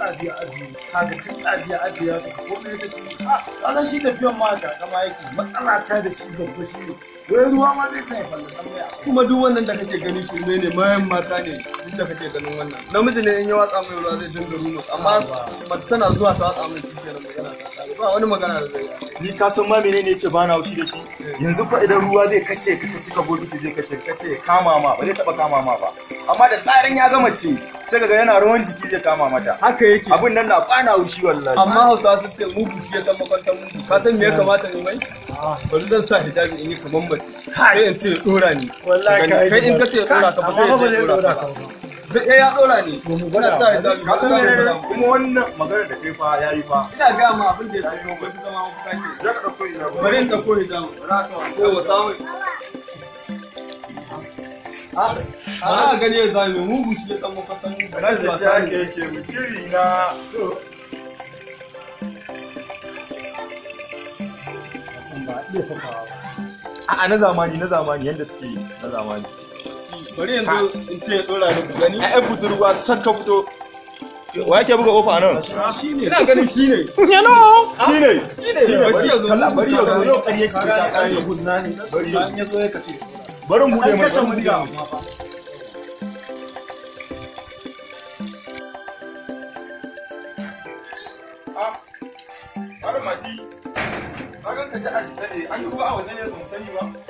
ɗaziya ajiye kaga tun ɗaziya ajiye ya tafi ko ɗaya take a kaga shi tafiyan ma ga kama yake matsala ta da shi babba shi ne wai ruwa ma zai sai fallasan mai kuma duk wannan da kake gani shi ne ne mayan mata ne duk da kake ganin wannan namiji ne in yi watsa mai ruwa zai dinga rumus amma mace tana zuwa ta watsa mai shi kenan magana ta ba wani magana da zai ni ka san ma menene yake bana haushi da shi eh. yanzu fa idan ruwa zai kashe ka ka cika bokiti zai kashe ka ce kama ma ba zai taba kama ma ba amma da tsarin ya gama ce sai kaga yana rawan jiki zai kama mata haka yake abin nan na bana haushi wallahi amma Hausawa sun ce mugu shi ya san makwantan mu. ka san me ya kamata ne mai ah. bari zan sa hijabi in yi kaman mace sai in ce dora ni wallahi kai in ka ce dora ka ba zai dora ka duk ya dora ne to mu gwada ka san ne kuma wannan magana da kai fa yayi fa ina ga ma abin da ya yi mu zama mu kake za ka dauko ina bari in dauko ina ra ka ko wa samu a gani ya zai mu mugu shi ya san makwatan mu nan da shi ake yake mutiri na to a na zamani na zamani yadda suke na zamani bari yanzu in ce ya tsora da gani a yan budurwa saka fito wa yake buga ofa nan ina ganin shi ne ya no shi ne shi ne bari yanzu bari yanzu yau karye shi ta kare gudna ne bari ya zo ya kace bari mu bude mu diga ka ji a jita ne, an yi ruwa a wajen ne mu sani ba.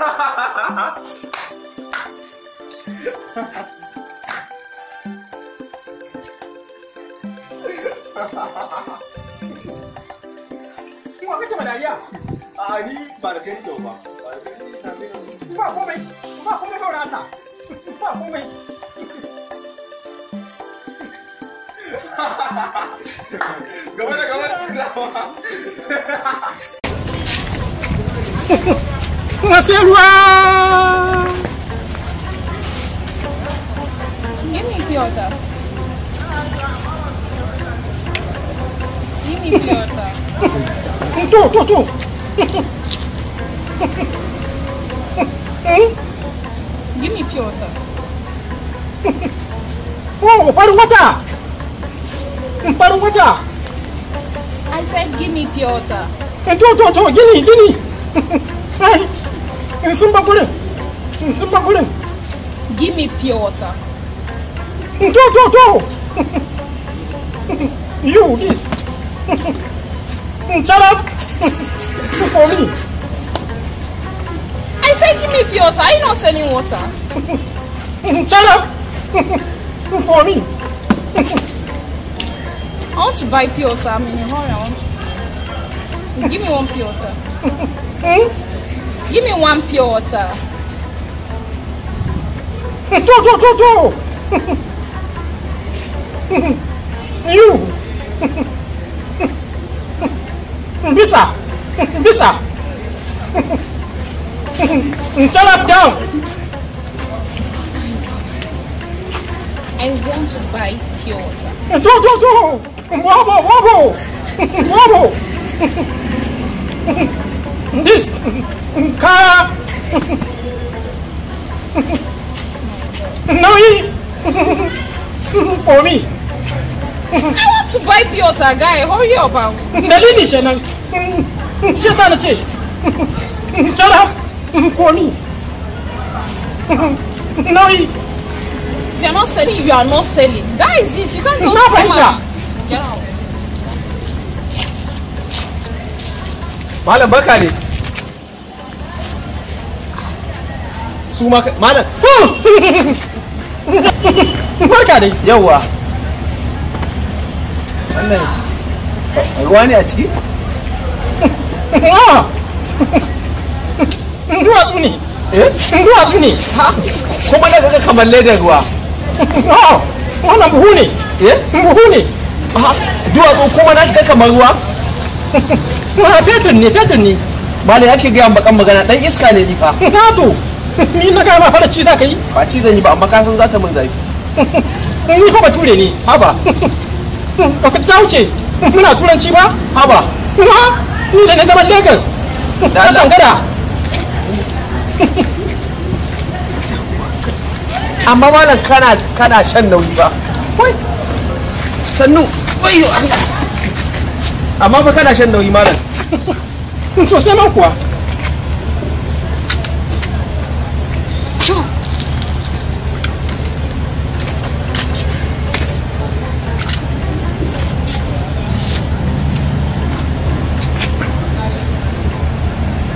哈哈哈哈哈！哈哈，哈哈哈哈哈！你往哪边来呀？啊，你往这边走嘛，往这边那边。往后面，往后我走哪去？往后面。哈哈哈哈哈！干嘛呢？干嘛去了？哈哈哈哈哈！Mwaserwa! Give me Kyoto. Give me Kyoto. Two, two, two. Give me Kyoto. Oh, pardon, water! Pardon, water! I said give me Kyoto. Two, two, two. Give me, give me. Simba Gulen. Simba Gulen. Give me pure water. Do, do, do. You, this. Shut up. For me. I said give me pure water. Are you not selling water? Shut up. For me. I want to buy pure water. I'm in a hurry. I want to. Give me one pure water. Hmm? Give me one pure water. Do do do do. you. Bisa. Bisa. Shut up down. I want to buy pure water. Do do do. Wobble, wobble. wobble. this. Nkara. Nauyi. Omi. I want to buy pure water, guy. Hurry up. Dalili kenan. Shi ta nace. Jara. Komi. Nauyi. If you're not selling, if you are not selling. That is it. You can't go no, so Get out. Malam barka ne. su ma malam barka dai yawa wannan ruwa ne a ciki ah! duwatsu ne eh ne kuma na ga kamar ledar ruwa ah! wannan buhu ne eh buhu ne duwatsu kuma na ga kamar ruwa ah, fetur ne fetur ne ba yake gaya bakan magana dan iska ne ni fa ni na gama fara ci za ka yi ba ci zan yi ba amma ka san za ta min zafi ni fa ture ni Ha ba ka ta wuce muna turanci ba ba. ha ni da na zaman lagos Allah. gada. amma malam kana kana shan nauyi ba wai sannu wayo amma ba kana shan nauyi malam sosai ma kuwa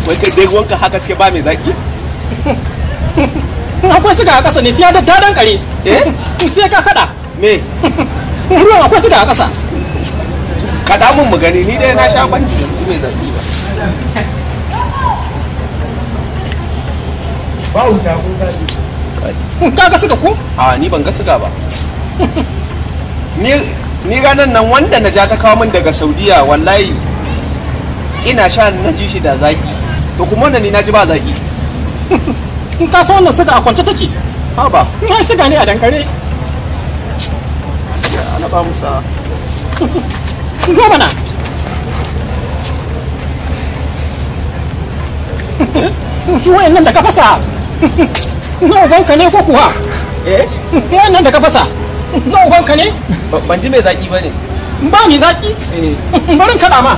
wai kai dai wanka haka suke ba mai zaki akwai suga a ƙasa ne sai ya daddadan kare eh sai ka kada me ruwan akwai suga a ƙasa kada mun mu gani ni dai na sha banki da mai zaki ba ba wuta kun gaji ka ga suka ko a ni ban ga suka ba ni ni ranar nan wanda na ja ta kawo min daga saudiya wallahi ina sha na ji shi da zaki to kuma wannan ni na ji ba zaki in ka san wannan suka a kwance take ha ba kai suga ne a dankare ana ba musa gobana su nan da ka fasa na ubanka ne ko kuwa eh wannan da ka fasa na ubanka ne ban ji mai zaki ba ne ba ni zaki eh barin kaɗa ma